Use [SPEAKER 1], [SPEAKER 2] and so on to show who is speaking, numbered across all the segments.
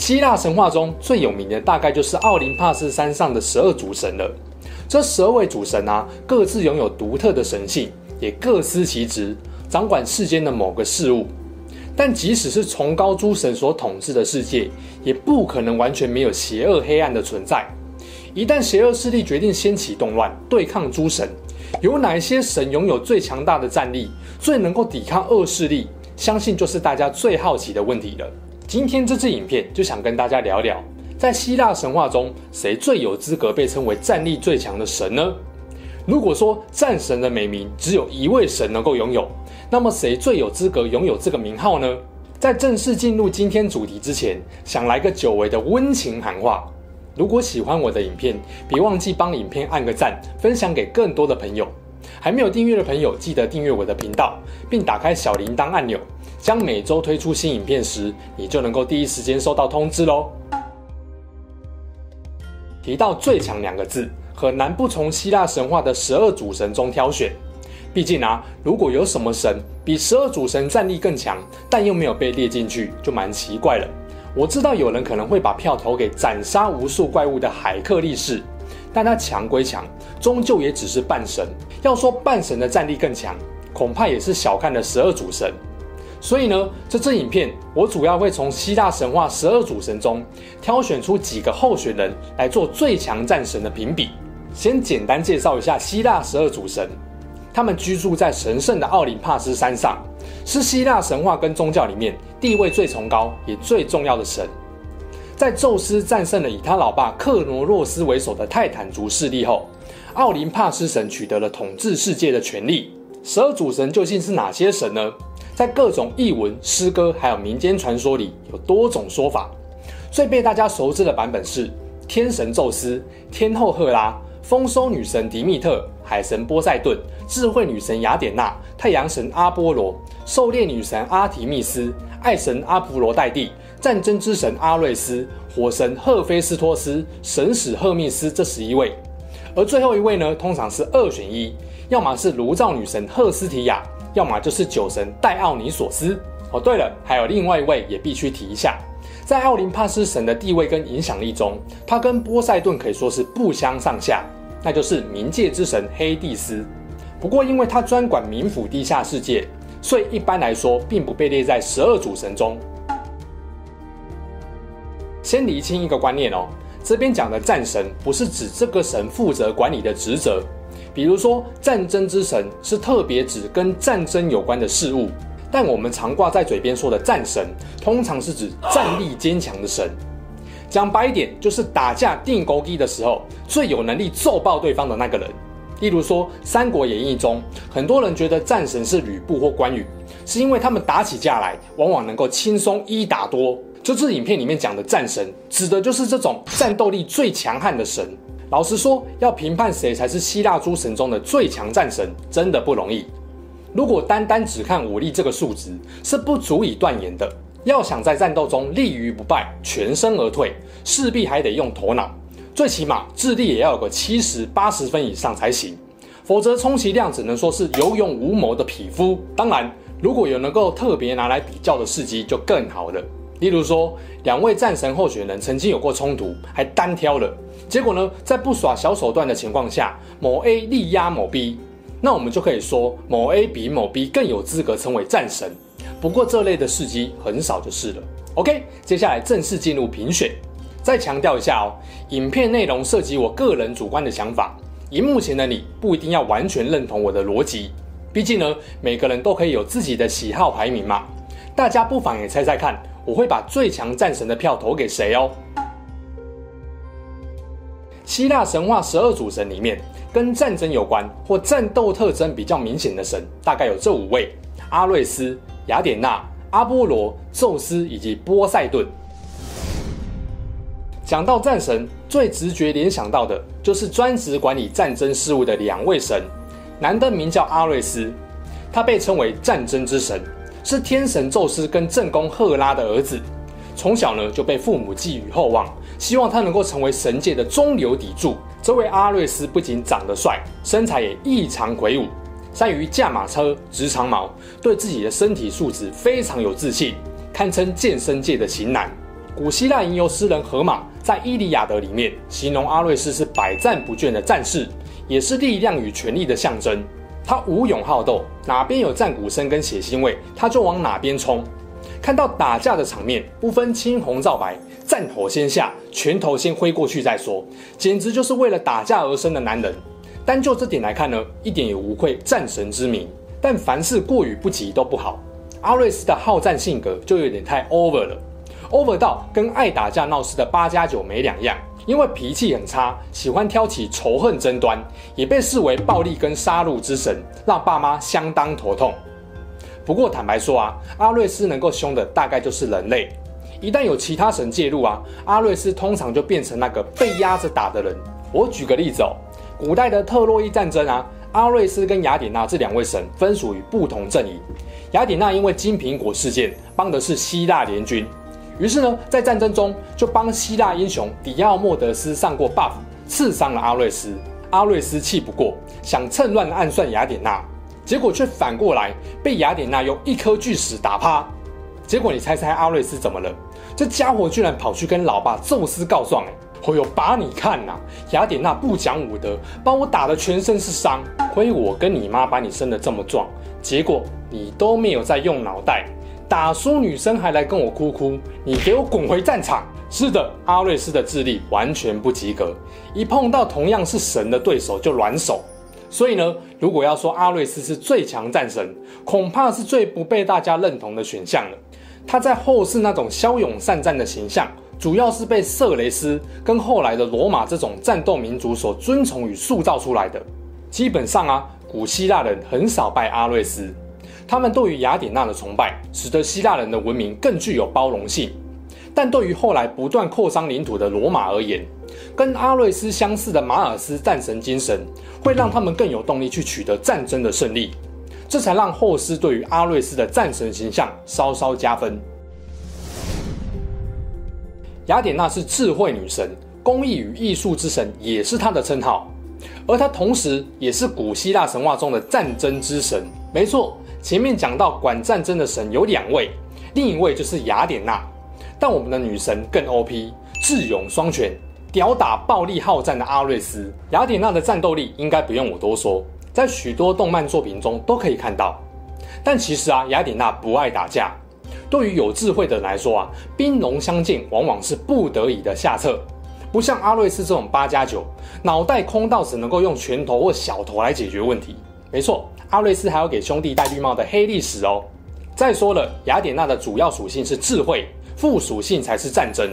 [SPEAKER 1] 希臘神話中最有名的大概就是奧林帕斯山上的十二主神了。這十二位主神啊，各自擁有獨特的神性，也各司其職，掌管世間的某個事物。但即使是崇高諸神所統治的世界，也不可能完全沒有邪惡黑暗的存在。一旦邪惡勢力決定掀起動亂，對抗諸神，有哪一些神擁有最強大的戰力，最能夠抵抗惡勢力？相信就是大家最好奇的問題了。今天這支影片就想跟大家聊聊，在希臘神話中，誰最有資格被稱為戰力最強的神呢？如果說戰神的美名只有一位神能夠擁有，那麼誰最有資格擁有這個名號呢？在正式進入今天主題之前，想來個久違的溫情喊話。如果喜歡我的影片，別忘記幫影片按個讚，分享給更多的朋友。還沒有訂閱的朋友，記得訂閱我的頻道，並打開小鈴鐺按鈕，將每周推出新影片時，你就能夠第一時間收到通知嘍。提到最強兩個字，很難不從希臘神話的十二主神中挑選，畢竟啊，如果有什麼神比十二主神戰力更強，但又沒有被列進去，就蠻奇怪了。我知道有人可能會把票投給斬殺無數怪物的海克力士，但他強歸強，終究也只是半神。要說半神的戰力更強，恐怕也是小看了十二主神。所以呢，這支影片我主要會從希臘神話十二主神中挑選出幾個候選人來做最強戰神的評比。先簡單介紹一下希臘十二主神，他們居住在神聖的奧林帕斯山上，是希臘神話跟宗教裡面地位最崇高也最重要的神。在宙斯戰勝了以他老爸克羅諾斯為首的泰坦族勢力後。奧林帕斯神取得了統治世界的權力，十二主神究竟是哪些神呢？在各種譯文、詩歌還有民間傳說裡，有多種說法。最被大家熟知的版本是：天神宙斯、天後赫拉、豐收女神迪密特、海神波塞頓、智慧女神雅典娜、太陽神阿波羅、狩獵女神阿提密斯、愛神阿芙蘿黛蒂、戰爭之神阿瑞斯、火神赫菲斯托斯、神使赫密斯這十一位。而最後一位呢，通常是二選一，要麼是爐灶女神赫斯提亞，要麼就是酒神戴奧尼索斯。哦，對了，還有另外一位也必須提一下，在奧林帕斯神的地位跟影響力中，他跟波塞頓可以說是不相上下，那就是冥界之神黑帝斯。不過，因為他專管冥府地下世界，所以一般來說並不被列在十二主神中。先釐清一個觀念哦。這邊講的戰神不是指這個神負責管理的職責，比如說戰爭之神是特別指跟戰爭有關的事物，但我們常掛在嘴邊說的戰神，通常是指戰力堅強的神。講白一點，就是打架釘孤枝的時候最有能力揍爆對方的那個人。例如說《三國演義》中，很多人覺得戰神是呂布或關羽，是因為他們打起架來往往能夠輕鬆一打多。這次影片裡面講的戰神，指的就是這種戰鬥力最強悍的神。老實說，要評判誰才是希臘諸神中的最強戰神，真的不容易。如果單單只看武力這個數值，是不足以斷言的。要想在戰鬥中立於不敗、全身而退，勢必還得用頭腦，最起碼智力也要有個七十八十分以上才行。否則，充其量只能說是有勇無謀的匹夫。當然，如果有能夠特別拿來比較的事跡，就更好了。例如說，兩位戰神候選人曾經有過衝突，還單挑了。結果呢，在不耍小手段的情況下，某 A 力壓某 B，那我們就可以說某 A 比某 B 更有資格稱為戰神。不過這類的事蹟很少就是了。OK，接下來正式進入評選。再強調一下哦，影片內容涉及我個人主觀的想法，螢幕前的你不一定要完全認同我的邏輯，畢竟呢，每個人都可以有自己的喜好排名嘛。大家不妨也猜猜看。我會把最強戰神的票投給誰哦？希臘神話十二主神裡面，跟戰爭有關或戰鬥特徵比較明顯的神，大概有這五位：阿瑞斯、雅典娜、阿波羅、宙斯以及波塞頓。講到戰神，最直覺聯想到的，就是專職管理戰爭事務的兩位神，男的名叫阿瑞斯，他被稱為戰爭之神。是天神宙斯跟正宮赫拉的兒子，從小呢就被父母寄予厚望，希望他能夠成為神界的中流砥柱。這位阿瑞斯不僅長得帥，身材也異常魁梧，善於駕馬車、執長矛，對自己的身體素質非常有自信，堪稱健身界的型男。古希臘吟遊詩人荷馬在《伊利亞德》裡面形容阿瑞斯是百戰不倦的戰士，也是力量與權力的象徵。他無勇好鬥，哪邊有戰鼓聲跟血腥味，他就往哪邊衝。看到打架的場面，不分青紅皂白，戰火先下，拳頭先揮過去再說，簡直就是為了打架而生的男人。單就這點來看呢，一點也無愧戰神之名。但凡事過與不及都不好，阿瑞斯的好戰性格就有點太 over 了，over 到跟愛打架鬧事的八加九沒兩樣。因為脾氣很差，喜歡挑起仇恨爭端，也被視為暴力跟殺戮之神，讓爸媽相當頭痛。不過坦白說啊，阿瑞斯能夠凶的大概就是人類，一旦有其他神介入啊，阿瑞斯通常就變成那個被壓着打的人。我舉個例子哦，古代的特洛伊戰爭啊，阿瑞斯跟雅典娜這兩位神分屬於不同陣營，雅典娜因為金蘋果事件幫的是希臘聯軍。於是呢，在戰爭中就幫希臘英雄迪奧莫德斯上過 buff，刺傷了阿瑞斯。阿瑞斯氣不過，想趁亂暗算雅典娜，結果卻反過來被雅典娜用一顆巨石打趴。結果你猜猜阿瑞斯怎麼了？這家伙居然跑去跟老爸宙斯告狀、欸！哎、哦，我有把你看吶、啊，雅典娜不講武德，把我打得全身是傷。虧我跟你媽把你生得這麼壯，結果你都沒有在用腦袋。打輸女生還來跟我哭哭，你給我滾回戰場！是的，阿瑞斯的智力完全不及格，一碰到同樣是神的對手就軟手。所以呢，如果要說阿瑞斯是最強戰神，恐怕是最不被大家認同的選項了。他在後世那種驍勇善戰的形象，主要是被色雷斯跟後來的羅馬這種戰鬥民族所尊崇與塑造出來的。基本上啊，古希臘人很少拜阿瑞斯。他們對於雅典娜的崇拜，使得希臘人的文明更具有包容性。但對於後來不斷擴張領土的羅馬而言，跟阿瑞斯相似的馬爾斯戰神精神，會讓他們更有動力去取得戰爭的勝利。這才讓後世對於阿瑞斯的戰神形象稍稍加分。雅典娜是智慧女神，工藝與藝術之神也是她的稱號，而她同時也是古希臘神話中的戰爭之神。沒錯。前面講到管戰爭的神有兩位，另一位就是雅典娜，但我們的女神更 OP，智勇雙全，吊打暴力好戰的阿瑞斯。雅典娜的戰鬥力應該不用我多說，在許多動漫作品中都可以看到。但其實啊，雅典娜不愛打架，對於有智慧的人來說啊，兵戎相見往往是不得已的下策，不像阿瑞斯這種八加九，9, 腦袋空到只能夠用拳頭或小頭來解決問題。沒錯，阿瑞斯還有給兄弟戴綠帽的黑歷史哦。再說了，雅典娜的主要屬性是智慧，副屬性才是戰爭，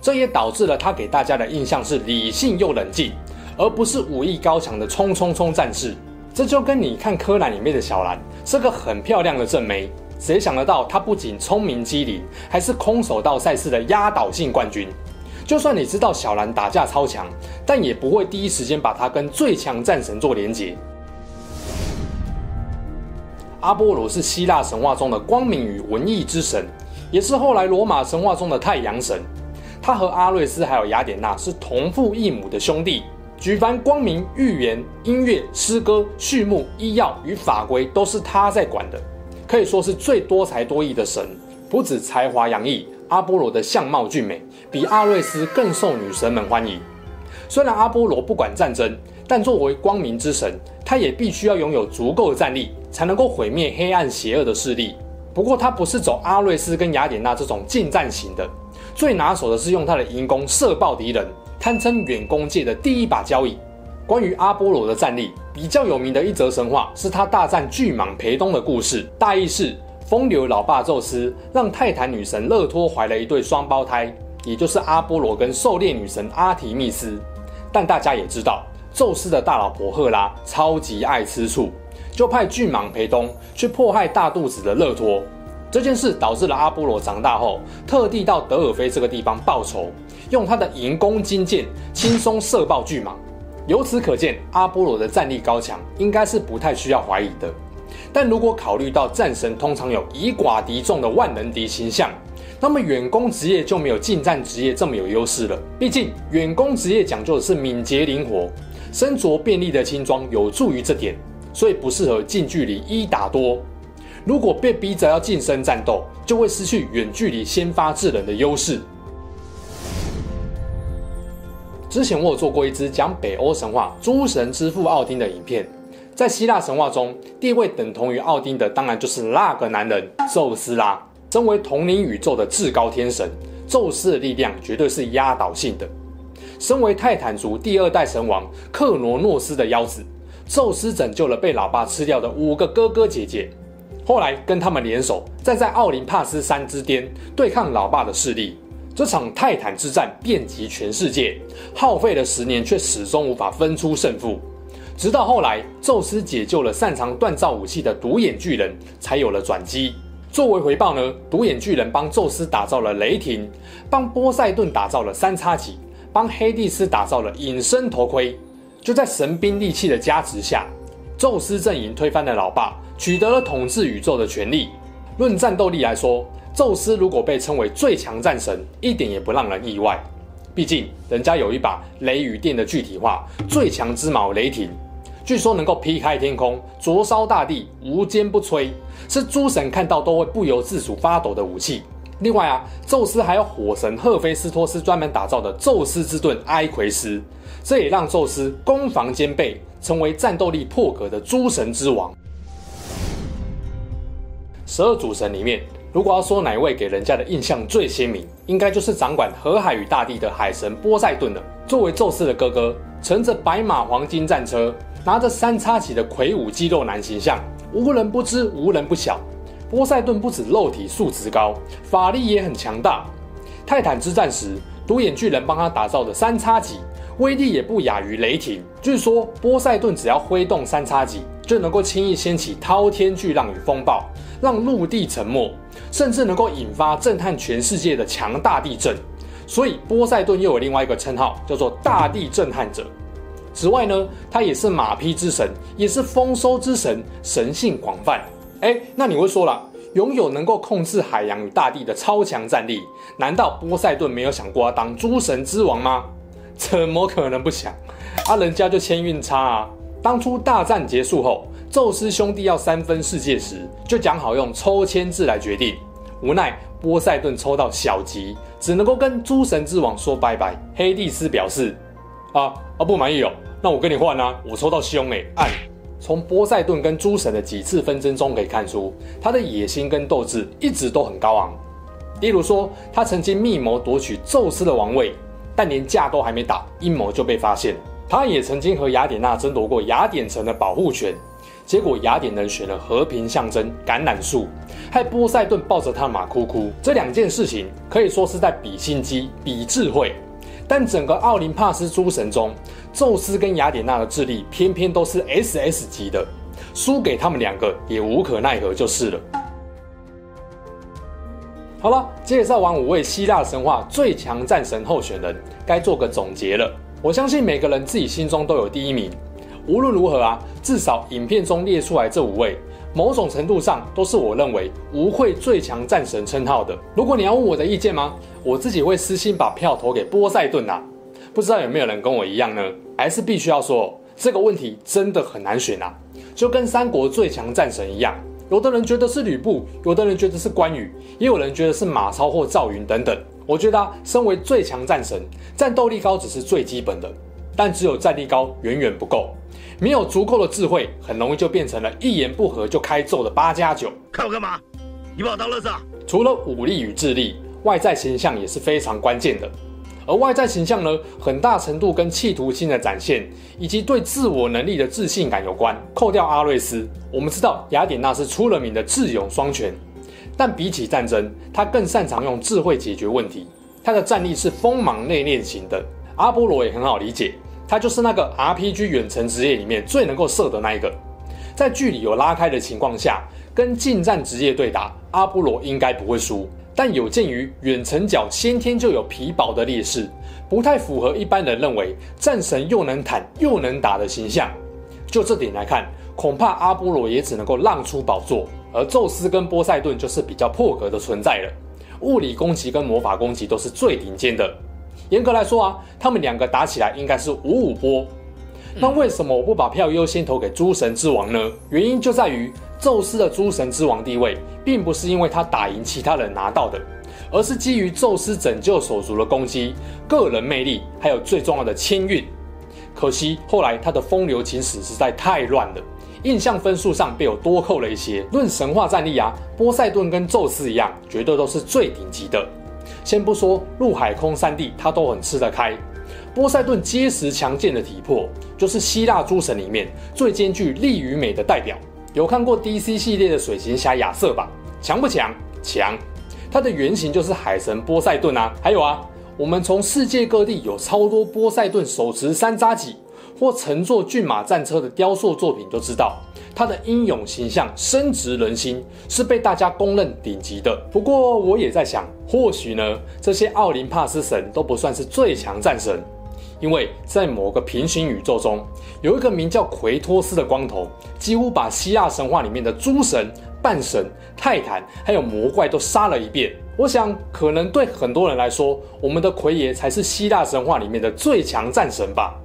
[SPEAKER 1] 這也導致了他給大家的印象是理性又冷靜，而不是武藝高強的衝衝衝戰士。這就跟你看柯南裡面的小蘭，是個很漂亮的正妹，誰想得到她不僅聰明機靈，還是空手道賽事的壓倒性冠軍？就算你知道小蘭打架超強，但也不會第一時間把她跟最強戰神做連結。阿波羅是希臘神話中的光明與文藝之神，也是後來羅馬神話中的太陽神。他和阿瑞斯還有雅典娜是同父異母的兄弟。舉凡光明、預言、音樂、詩歌、畜牧、醫藥與法規，都是他在管的，可以說是最多才多藝的神。不止才華洋溢，阿波羅的相貌俊美，比阿瑞斯更受女神們歡迎。雖然阿波羅不管戰爭，但作為光明之神，他也必須要擁有足夠的戰力。才能夠毀滅黑暗邪惡的勢力。不過他不是走阿瑞斯跟雅典娜這種近戰型的，最拿手的是用他的銀弓射爆敵人，堪稱遠攻界的第一把交椅。關於阿波羅的戰力，比較有名的一則神話是他大戰巨蟒培東的故事。大意是，風流老爸宙斯讓泰坦女神勒托懷了一對雙胞胎，也就是阿波羅跟狩獵女神阿提密斯。但大家也知道。宙斯的大老婆赫拉超級愛吃醋，就派巨蟒陪東去迫害大肚子的勒托。這件事導致了阿波羅長大後特地到德爾菲這個地方報仇，用他的銀弓金箭輕鬆射爆巨蟒。由此可見，阿波羅的戰力高強應該是不太需要懷疑的。但如果考慮到戰神通常有以寡敵衆的萬能敵形象，那麼遠攻職業就沒有近戰職業這麼有優勢了。畢竟遠攻職業講究的是敏捷靈活。身着便利的輕裝有助於這點，所以不適合近距離一打多。如果被逼着要近身戰鬥，就會失去遠距離先發制人的優勢。之前我有做過一支講北歐神話諸神之父奧丁的影片，在希臘神話中，地位等同於奧丁的，當然就是那個男人——宙斯啦。身為統領宇宙的至高天神，宙斯的力量絕對是壓倒性的。身為泰坦族第二代神王克羅諾斯的幺子，宙斯拯救了被老爸吃掉的五個哥哥姐姐，後來跟他們聯手，站在奧林帕斯山之巔對抗老爸的勢力。這場泰坦之戰遍及全世界，耗費了十年，卻始終無法分出勝負。直到後來，宙斯解救了擅長鍛造武器的獨眼巨人，才有了轉機。作為回報呢，獨眼巨人幫宙斯打造了雷霆，幫波塞頓打造了三叉戟。幫黑帝斯打造了隱身頭盔，就在神兵利器的加持下，宙斯陣營推翻了老爸，取得了統治宇宙的權利。論戰鬥力來說，宙斯如果被稱為最強戰神，一點也不讓人意外。畢竟人家有一把雷與電的具體化——最強之矛——雷霆，據說能夠劈開天空，灼燒大地，無堅不摧，是諸神看到都會不由自主發抖的武器。另外啊，宙斯還有火神赫菲斯托斯專門打造的宙斯之盾埃奎斯，這也讓宙斯攻防兼備，成為戰鬥力破格的諸神之王。十二主神裡面，如果要說哪位給人家的印象最鮮明，應該就是掌管河海與大地的海神波塞頓了。作為宙斯的哥哥，乘着白馬黃金戰車，拿着三叉戟的魁梧肌肉男形象，無人不知，無人不曉。波塞頓不止肉體素質高，法力也很強大。泰坦之戰時，獨眼巨人幫他打造的三叉戟威力也不亞於雷霆。據說波塞頓只要揮動三叉戟，就能夠輕易掀起滔天巨浪與風暴，讓陸地沉沒，甚至能夠引發震撼全世界的強大地震。所以波塞頓又有另外一個稱號，叫做大地震撼者。此外呢，他也是馬匹之神，也是豐收之神，神性廣泛。哎，那你會說了，擁有能夠控制海洋與大地的超強戰力，難道波塞頓沒有想過要當諸神之王嗎？怎麼可能不想？啊，人家就籤運差啊！當初大戰結束後，宙斯兄弟要三分世界時，就講好用抽籤字來決定。無奈波塞頓抽到小吉，只能夠跟諸神之王說拜拜。黑帝斯表示，啊啊不滿意哦，那我跟你換啊，我抽到凶誒。按。從波塞頓跟諸神的幾次紛爭中可以看出，他的野心跟鬥志一直都很高昂。例如說，他曾經密謀奪取宙斯的王位，但連架都還沒打，陰謀就被發現；他也曾經和雅典娜爭奪過雅典城的保護權，結果雅典人選了和平象徵橄欖樹，害波塞頓抱着他的馬哭哭。這兩件事情可以說是在比心機、比智慧。但整個奧林帕斯諸神中，宙斯跟雅典娜的智力偏偏都是 SS 級的，輸給他們兩個也無可奈何，就是了。好了，介紹完五位希臘神話最強戰神候選人，該做個總結了。我相信每個人自己心中都有第一名。無論如何啊，至少影片中列出來這五位。某種程度上都是我認為無愧最強戰神稱號的。如果你要問我的意見嗎？我自己會私心把票投給波塞頓吶、啊。不知道有沒有人跟我一樣呢？還是必須要說，這個問題真的很難選啊，就跟三國最強戰神一樣，有的人覺得是呂布，有的人覺得是關羽，也有人覺得是馬超或趙雲等等。我覺得啊，身為最強戰神，戰鬥力高只是最基本的。但只有戰力高遠遠不夠，沒有足夠的智慧，很容易就變成了一言不合就開揍的八加九。看我幹嘛？你把我當樂子啊？除了武力與智力，外在形象也是非常關鍵的。而外在形象呢，很大程度跟企圖心的展現以及對自我能力的自信感有關。扣掉阿瑞斯，我們知道雅典娜是出了名的智勇雙全，但比起戰爭，他更擅長用智慧解決問題。他的戰力是鋒芒內斂型的。阿波羅也很好理解。他就是那個 RPG 遠程職業裡面最能夠射的那一個，在距離有拉開的情況下，跟近戰職業對打，阿波羅應該不會輸。但有鑑於遠程角先天就有皮薄的劣勢，不太符合一般人認為戰神又能坦又能打的形象。就這點來看，恐怕阿波羅也只能夠讓出寶座，而宙斯跟波塞頓就是比較破格的存在了，物理攻擊跟魔法攻擊都是最頂尖的。嚴格來說啊，他們兩個打起來應該是五五波。那為什麼我不把票優先投給諸神之王呢？原因就在於宙斯的諸神之王地位，並不是因為他打贏其他人拿到的，而是基於宙斯拯救手足的功績、個人魅力，還有最重要的簽運。可惜後來他的風流情史實在太亂了，印象分數上被我多扣了一些。論神話戰力啊，波塞頓跟宙斯一樣，絕對都是最頂級的。先不說陸海空三地，他都很吃得開。波塞頓結實強健的體魄，就是希臘諸神裡面最兼具力與美的代表。有看過 DC 系列的水行俠亞瑟吧？強不強？強！他的原型就是海神波塞頓啊。還有啊，我們從世界各地有超多波塞頓手持三叉戟或乘坐駿馬戰車的雕塑作品就知道。他的英勇形象深植人心，是被大家公認頂級的。不過我也在想，或許呢，這些奧林帕斯神都不算是最強戰神，因為在某個平行宇宙中，有一個名叫奎托斯的光頭，幾乎把希臘神話裡面的諸神、半神、泰坦還有魔怪都殺了一遍。我想，可能對很多人來說，我們的奎爺才是希臘神話裡面的最強戰神吧。